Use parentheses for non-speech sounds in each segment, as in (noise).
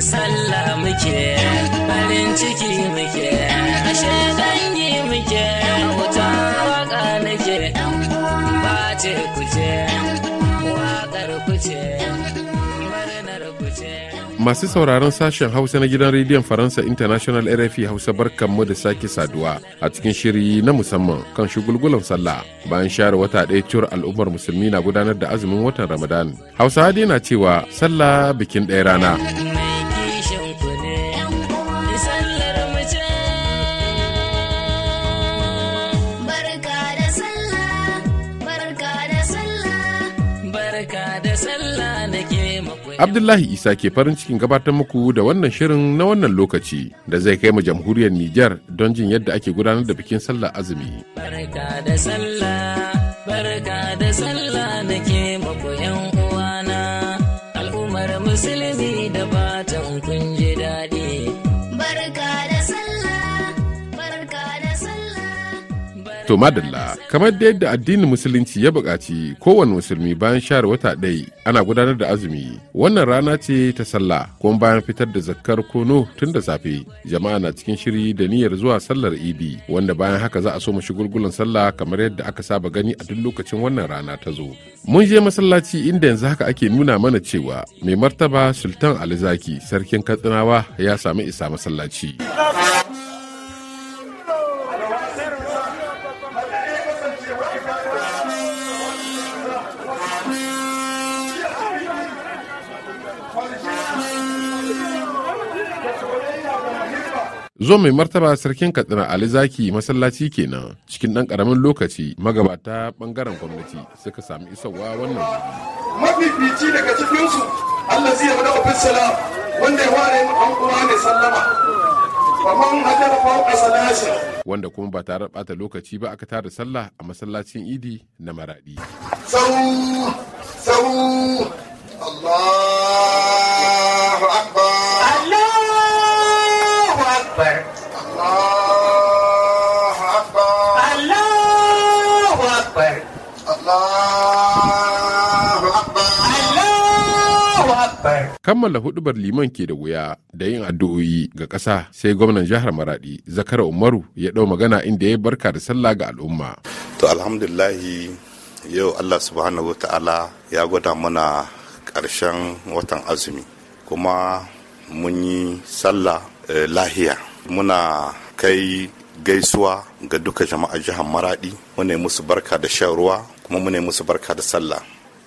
sallah muke farin ciki muke ashe muke waka nake ba ce kuce wakar kuce Masu sauraron sashen Hausa na gidan rediyon Faransa International RFI Hausa barkanmu da sake saduwa a cikin shiri na musamman kan shugulgulan sallah bayan share wata ɗaya cur al'ummar musulmi na gudanar da azumin watan Ramadan. Hausa na cewa sallah bikin ɗaya rana. Abdullahi Isa ke farin cikin gabatar muku da wannan shirin na wannan lokaci da zai kai mu jamhuriyar Nijar don jin yadda ake gudanar da bikin sallah azumi. Barka da sallah, barka da sallah nake muku 'yan uwana, al'ummar musulmi da To madalla, kamar da yadda addinin musulunci ya buƙaci kowane musulmi bayan share wata ɗaya ana gudanar da azumi. Wannan rana ce ta sallah kuma bayan fitar da zakkar kono tun da safe. Jama'a na cikin shiri da niyyar zuwa sallar idi wanda bayan haka za a so mu shigulgulan sallah kamar yadda aka saba gani a duk lokacin wannan rana ta zo. Mun je masallaci inda yanzu haka ake nuna mana cewa mai martaba Sultan Alizaki sarkin Katsinawa ya sami isa masallaci. zo mai martaba sarkin katsina ali zaki masallaci kenan cikin ɗan ƙaramin lokaci magabata ɓangaren gwamnati suka sami isowa wannan mafifici daga cikinsu allah zai bada ofis salam wanda ya ware mu an kuma ne sallama faman hadara fauka salasi wanda kuma ba tare bata lokaci ba aka tara sallah a masallacin idi na maradi sau sau allah Kammala hudubar liman ke da wuya da yin addu'o'i ga ƙasa sai gwamnan jihar Maradi Zakara Umaru ya ɗau magana inda ya barka da sallah ga al'umma. To alhamdulillahi yau Allah subhanahu wa ta'ala ya gwada mana ƙarshen watan azumi kuma mun yi sallah eh, lahiya muna kai gaisuwa ga duka jama'a jihar maradi muna musu barka da shan ruwa kuma muna musu barka da sallah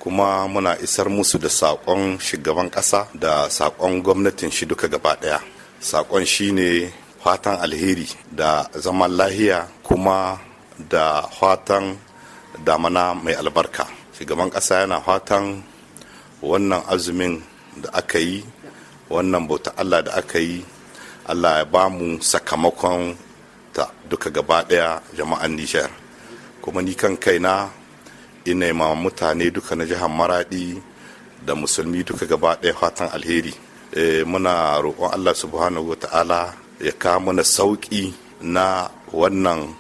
kuma muna isar musu da saƙon shugaban ƙasa da saƙon gwamnatin shi duka gaba ɗaya saƙon ne. fatan alheri da zaman lahiya kuma da fatan damana mai albarka shugaban ƙasa yana fatan wannan azumin da aka yi wannan bauta allah da aka yi allah ya ba mu sakamakon ta duka gaba ɗaya jama'an nijar kuma ni kan kaina Inaima mutane duka na jihar maradi da musulmi duka gaba ɗaya fatan alheri eh, muna roƙon allah subhanahu wa ta'ala ya kawo mana sauƙi na wannan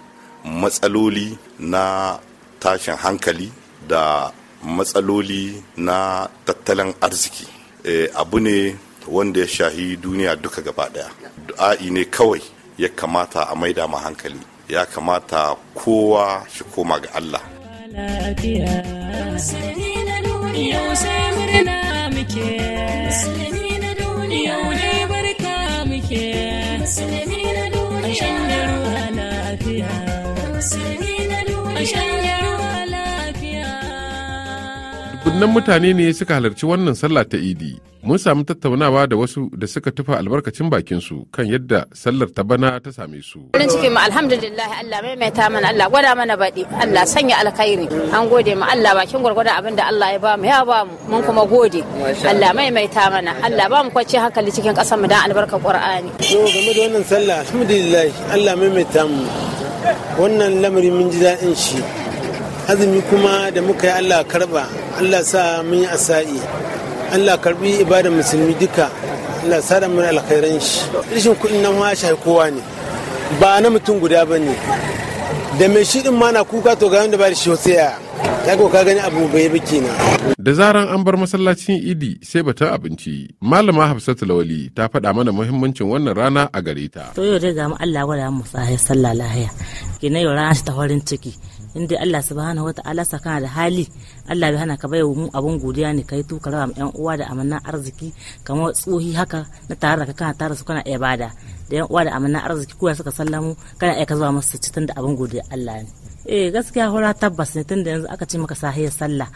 matsaloli na tashin hankali da matsaloli na tattalin arziki eh, abu ne wanda ya shahi duniya duka gaba daya du'a'i ne kawai ya kamata a maida ma hankali ya kamata kowa shi koma ga allah lafiya musulmi sai murna muke musulmi na duniya dubunnan mutane ne suka halarci wannan sallah ta idi mun sami tattaunawa da wasu da suka tufa albarkacin bakin su kan yadda sallar ta bana ta same su farin ciki mu alhamdulillah Allah maimaita mana Allah gwada mana baɗi Allah sanya alkhairi an gode mu Allah bakin gwargwada abin da Allah ya bamu ya bamu mun kuma gode Allah maimaita mana Allah bamu kwace hankali cikin ƙasar mu dan albarka Qur'ani to game da wannan sallah alhamdulillah Allah maimaita mu wannan lamari mun ji daɗin shi azumi kuma da muka yi Allah karba Allah sa mun yi asa'i Allah karbi ibadar musulmi duka Allah sa da mun alkhairan shi rashin kuɗin nan ma shi kowa ne ba na mutum guda ba ne da mai shi din ma na kuka to ga wanda ba shi sai ya ka gani abu bai bi kenan da zaran an bar masallacin idi sai batun abinci malama hafsatu lawali ta faɗa mana muhimmancin wannan rana a gare ta to yau dai ga mu Allah gwada mu sai sallah lahiya kina yau rana ta farin ciki in dai Allah subhanahu wata'ala saka da hali Allah bai hana ka bai mu abun godiya ne kai tu karama uwa da amanan arziki kamar tsohi haka na tare da kana tare su kana ibada da yan uwa da amanan arziki kuwa suka sallamu kana aika ka zuwa musu ci tunda abun godiya Allah ne eh gaskiya hura tabbas ne tunda yanzu aka ce maka sahiyar sallah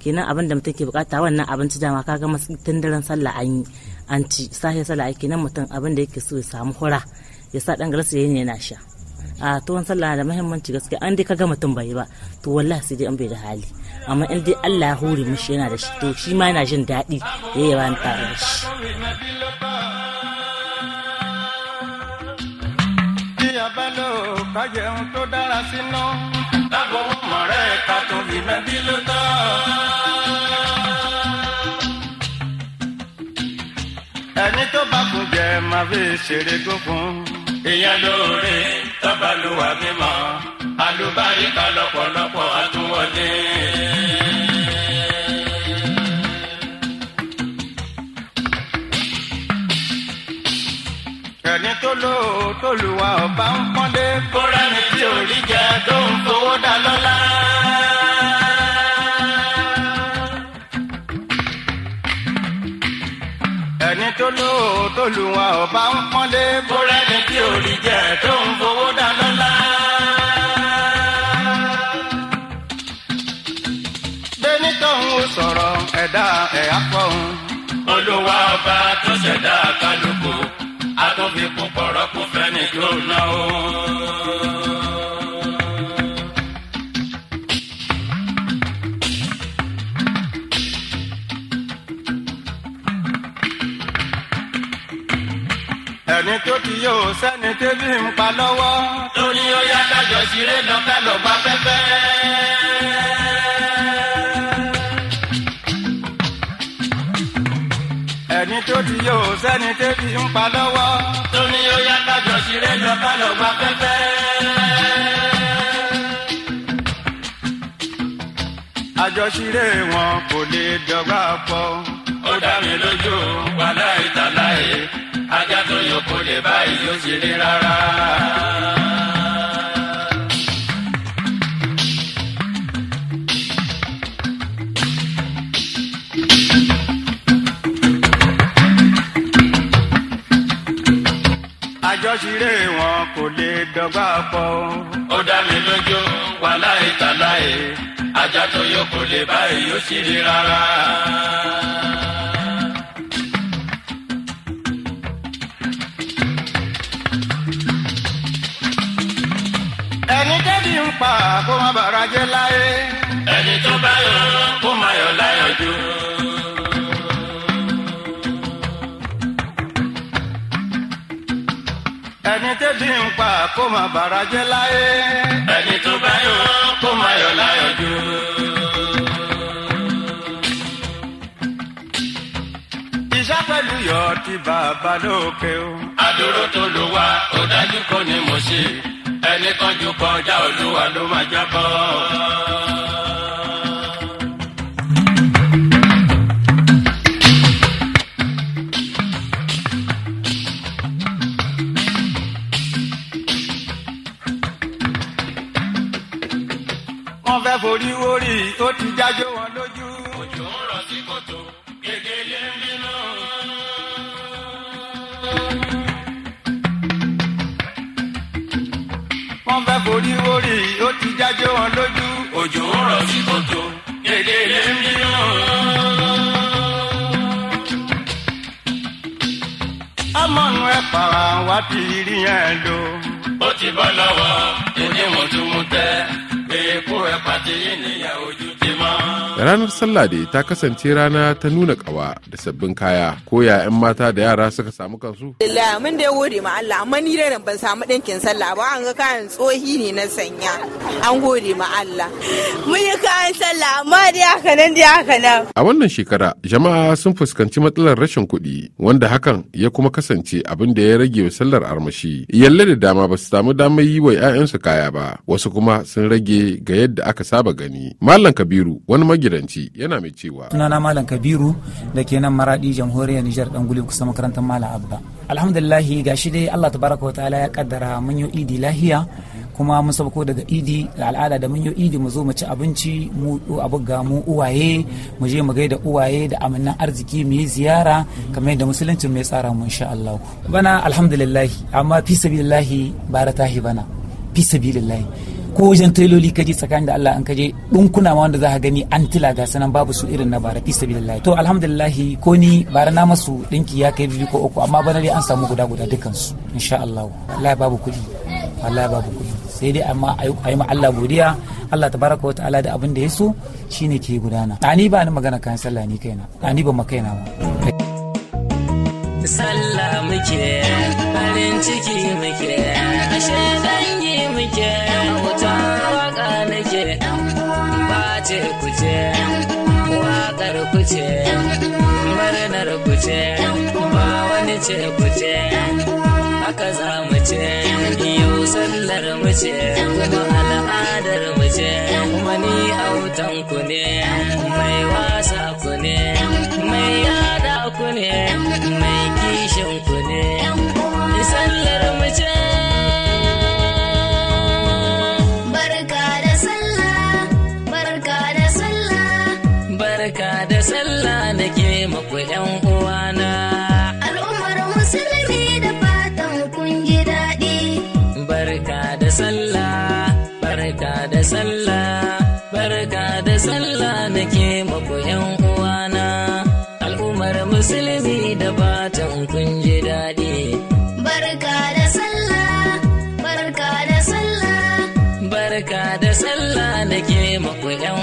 kenan abin da mutum ke bukata wannan abinci dama kaga tun daren sallah an yi an ci sahiyar sallah kenan mutum abin da yake so ya samu hura ya sa dan garsa yana sha a tuwon sallah da muhimmanci gaskiya an dai ka gama tun bai ba to wallahi sai dai an bai da hali amma in dai Allah ya hore mishi yana da shi to shi ma yana jin daɗi yayi ba ni tare da shi balo ka jẹun tó dára sínú. Tábọ̀ mọ̀rẹ́ ka tún ìmẹ̀ bí ló tọ́. Ẹni tó bá kún jẹ máa fi ṣeré gbókun. èèyàn lóore tọ́balùwà mímọ́ àlùbáríkà lọ́pọ̀lọpọ̀ àtúwọlé. ẹni tó lóòótọ́lùwà ọba ń pọ́nlé kó rẹ́ni tí ò rí jẹ tó ń fowó dá lọ́lá. ẹni tó lóòótọ́lùwà ọba ń pọ́nlé kó lórí jẹ́ tó ń fowó dá lọ́lá. bẹ́ẹ̀ni tóun ò sọ̀rọ̀ ẹ̀dá ẹ̀ á pọ̀ òun. olúwa ọba tó ṣẹ̀dá kálukú a tó fi kún pọ̀rọ̀ fẹ́ni tó ná o. sẹ́ni tó bí yóò sẹ́ni tébí ń pa lọ́wọ́. torí ó yá kájọ ṣeré lọ́kẹ́ lọ́gbà pẹ́pẹ́. ẹni tó ti yóò sẹ́ni tẹ́bi ń pa lọ́wọ́. tóní ó yá kájọ ṣeré lọ́kọ́ ló gba pẹ́pẹ́. àjọṣeré wọn kò lè dọ́gba pọ̀. ó dá mi lójú wàhálà yìí ṣe lé rárá. àjọṣiré wọn kò lè dọ́gba pọ̀. ó dá mi lójú wàhálà ìtàláyé ajá tó yó kò lè báyìí yóò ṣe lé rárá. pa kó má bàrà jẹ́ láyé. ẹni tó bá yọ kó má yọ láyọ̀ jù. ẹni tẹ́bi ń pa kó má bàrà jẹ́ láyé. ẹni tó bá yọ kó má yọ láyọ̀ jù. ìṣá yọ ti bàbá lókè o. Adoro tó lò wá ó dájú kó ni mo ṣe ẹni kan jù kọjá olúwa ló máa jábọ́. wọ́n fẹ́ forí wórí tó ti jájó. yẹn lò. ó ti bọ́ lọ́wọ́ èdè mọ̀túnmú tẹ èèpo ẹ̀ pàtẹ́yìn nìyà ojú. ranar sallah dai ta kasance rana ta nuna kawa da sabbin kaya ko ya'yan mata da yara suka samu kansu mun da gode ma Allah amma ni da ban samu ɗinkin sallah ba an ga kayan tsohi ne na sanya an gode ma Allah mun yi kayan sallah amma dai haka nan dai haka nan a wannan shekara jama'a sun fuskanci matsalar rashin kuɗi wanda hakan ya kuma kasance abin da ya rage wa sallar armashi yalle da dama ba su samu damar yi wa 'ya'yansu kaya ba wasu kuma sun rage ga yadda aka saba gani malam kabiru wani magi magidanci yana mai cewa sunana malam kabiru da ke nan maradi jamhuriyar nijar dan guli kusa makarantar malam abba alhamdulillah gashi dai allah tabaraka wa ya kaddara mun yi idi lahiya kuma mun sauko daga idi da al'ada da mun yi idi mu zo mu ci abinci mu abu ga mu uwaye mu je mu gaida uwaye da amannan arziki mu yi ziyara kamar yadda musulunci mai tsara mu insha Allah bana alhamdulillah amma fi sabilillah bara tahi bana fi sabilillah ko wajen trailoli kaje tsakanin da Allah an kaje dinkuna ma wanda za ka gani an tila ga sanan babu su irin na bara fi sabilillah to alhamdulillah ko ni bara na masu dinki ya kai biyu ko uku amma bana dai an samu guda guda dukan su insha Allah wallahi babu kuɗi wallahi babu kudi sai dai amma ayi yi ma Allah godiya Allah tabaraka ta'ala da abin da ya so shine ke gudana ani ba ni magana kan sallah ni kaina ani ba makaina ba sallah muke farin ciki muke ashe danye muke kuce kuce waƙar ku ce murnar ku ce ba wani ce kuce ce haka za mu ce yau sallar mu ce ba al'adar mu ce wani autan ku ne mai wasa ku ne mai yada ku ne mà người em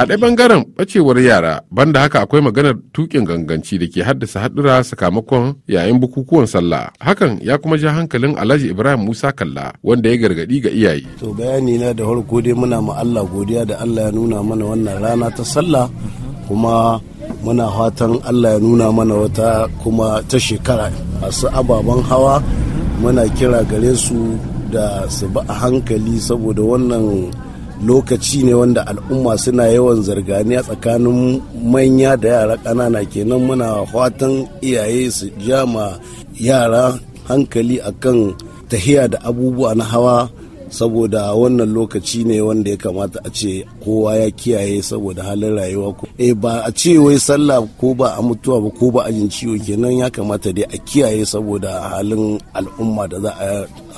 a ɗaya bangaren ɓacewar yara banda haka akwai maganar tukin ganganci da ke haddasa haɗura sakamakon yayin bukukuwan sallah hakan ya kuma ja hankalin alhaji ibrahim musa kalla wanda ya gargaɗi ga iyaye to bayani na da farko dai muna ma allah godiya da allah ya nuna mana wannan rana ta sallah kuma muna fatan allah ya nuna mana wata kuma ta shekara masu ababen hawa muna kira gare su da su ba a hankali saboda wannan lokaci ne wanda al'umma suna yawan zarganiya tsakanin manya da yara ƙanana kenan muna fatan iyaye su jama yara hankali akan tahiya da abubuwa na hawa saboda wannan lokaci ne wanda ya kamata a ce kowa ya kiyaye saboda halin rayuwa ko e ba a ce wai sallah ko ba a mutuwa ba ko ba ajin ciwo kenan ya kamata dai a kiyaye saboda halin al'umma da za a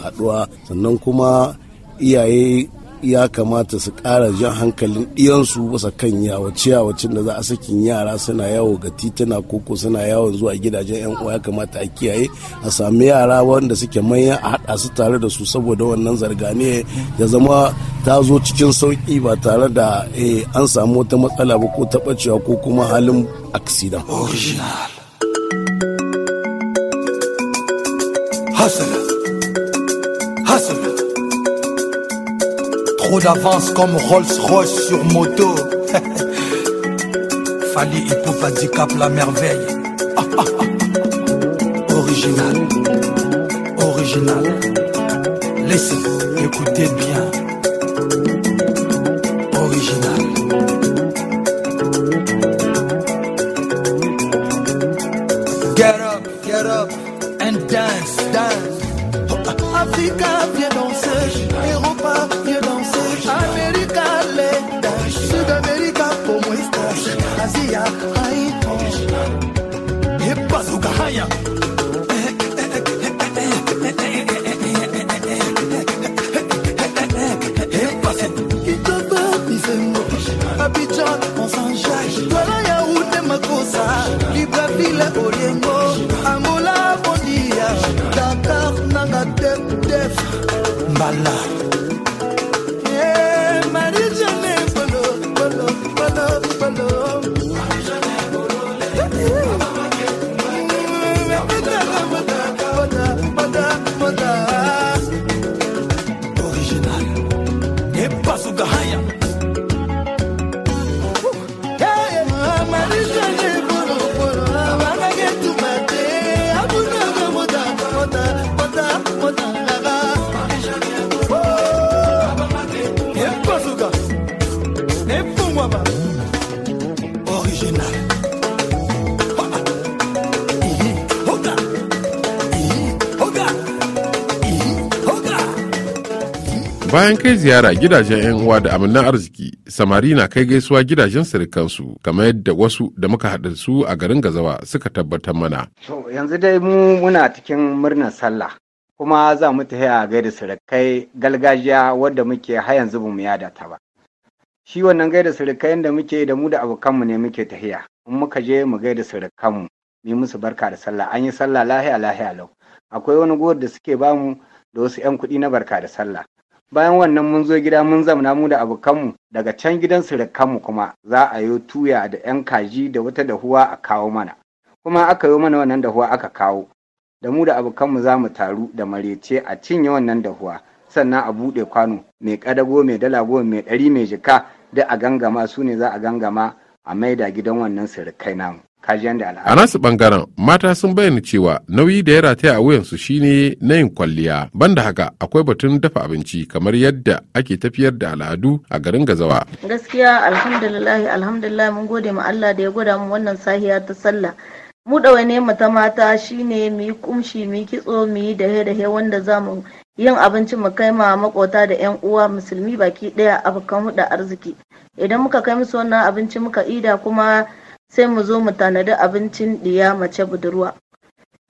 haɗuwa sannan kuma iyaye ya kamata su ƙara jan hankalin ɗiyansu basa kan yawace yawacin da za a sakin yara suna yawo ga titina koko suna yawon zuwa gidajen yan uwa ya kamata a kiyaye a sami yara wanda suke manya a haɗa su tare da su saboda wannan zargane ya zama ta zo cikin sauki ba tare da eh, an samu wata matsala ba ko taɓacewa ko kuma halin aksida. Original. Hustle. trop d'avance comme Rolls-Royce sur moto. (laughs) Fali pas Cap la merveille. (laughs) Original, original. Laissez, écouter bien. bazuka haya bayan kai ziyara gidajen 'yan uwa da aminan arziki samari na kai gaisuwa gidajen sirikansu kamar yadda wasu da muka haɗa su a garin gazawa suka tabbatar mana to yanzu dai mu muna cikin murnar sallah kuma za mu ta haya gaida sirikai galgajiya wadda muke har yanzu ba mu yada ta ba shi wannan gaida sirikai da muke da mu da abokanmu ne muke tahiya in muka je mu gaida sirikanmu mu musu barka da sallah an yi sallah lahiya lahiya lau akwai wani gowar da suke bamu da wasu 'yan kuɗi na barka da sallah bayan wannan mun zo gida mun zamna mu da abokanmu daga can gidan surukanmu kuma za a yi tuya da 'yan kaji da wata dahuwa a kawo mana kuma aka yi mana wannan dahuwa aka kawo da mu da abokanmu za mu taru da marece a cinye wannan dahuwa sannan a buɗe kwano mai ƙadago mai dala mai ɗari mai jika da a gangama su ne za a gangama a maida gidan wannan surukai namu kajiyar da al'ada. A nasu bangaren mata sun bayyana cewa nauyi da ya rataya a wuyansu shine na yin kwalliya. Banda haka akwai batun dafa abinci kamar yadda ake tafiyar da al'adu a garin Gazawa. Gaskiya alhamdulillah alhamdulillah mun gode ma Allah da ya gwada mu wannan sahiya ta sallah. Mu ɗawaine mu ta mata shine mu yi kumshi mu yi kitso mu yi dahe-dahe wanda za mu yin abinci mu kai ma makota da 'yan uwa musulmi baki ɗaya abokan huɗa arziki. Idan muka kai musu wannan abinci muka ida kuma sai mu zo mu tanadi abincin ɗiya mace budurwa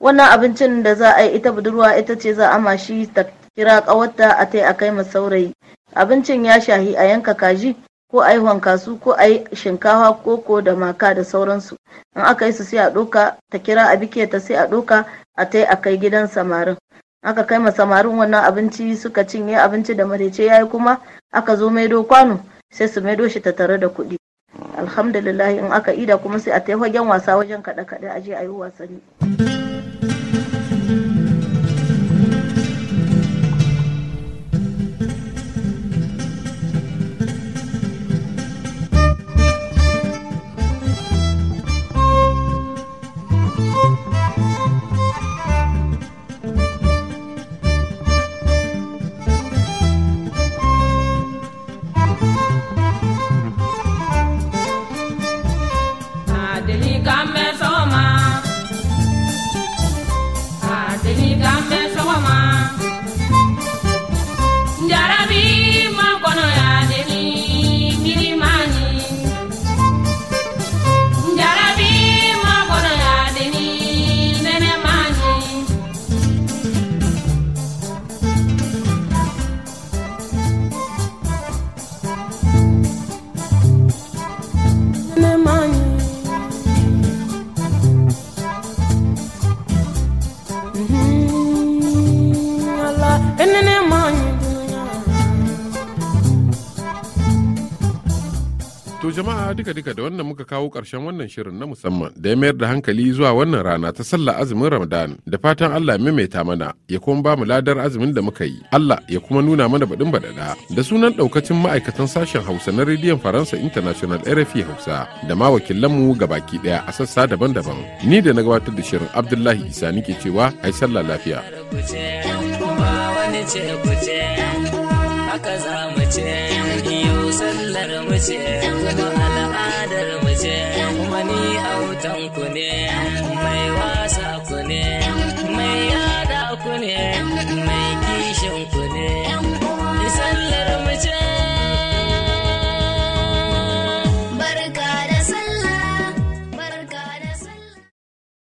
wannan abincin da za a yi ita budurwa ita ce za a mashi ta kira ƙawarta a tai a kai ma saurayi abincin ya shahi a yanka kaji ko a yi wankasu ko a yi shinkawa koko da maka da sauransu in aka yi su sai a ɗoka ta kira a bike ta sai a ɗoka a tai a kai gidan samarin aka kai ma samarin wannan abinci suka cinye abinci da marece yi kuma aka zo maido kwano sai su maido shi ta tare da kuɗi alhamdulillah in aka ida kuma sai a tafi wasa wajen kaɗe-kaɗe a je a yi wasanni duka-duka da wannan muka kawo ƙarshen wannan shirin na musamman da ya mayar da hankali zuwa wannan rana ta sallah azumin Ramadan da fatan Allah maimaita mana ya kuma ba mu ladar azumin da muka yi Allah ya kuma nuna mana baɗin baɗaɗa da sunan ɗaukacin ma'aikatan sashen Hausa na rediyon Faransa International RFI Hausa da ma wakilanmu baki ɗaya a sassa daban-daban ni da na gabatar da shirin Abdullahi Isa nike cewa ai sallah lafiya. haka za mu ce yau sallar mu ce kuma al'adar mu ce kuma ni autan ku ne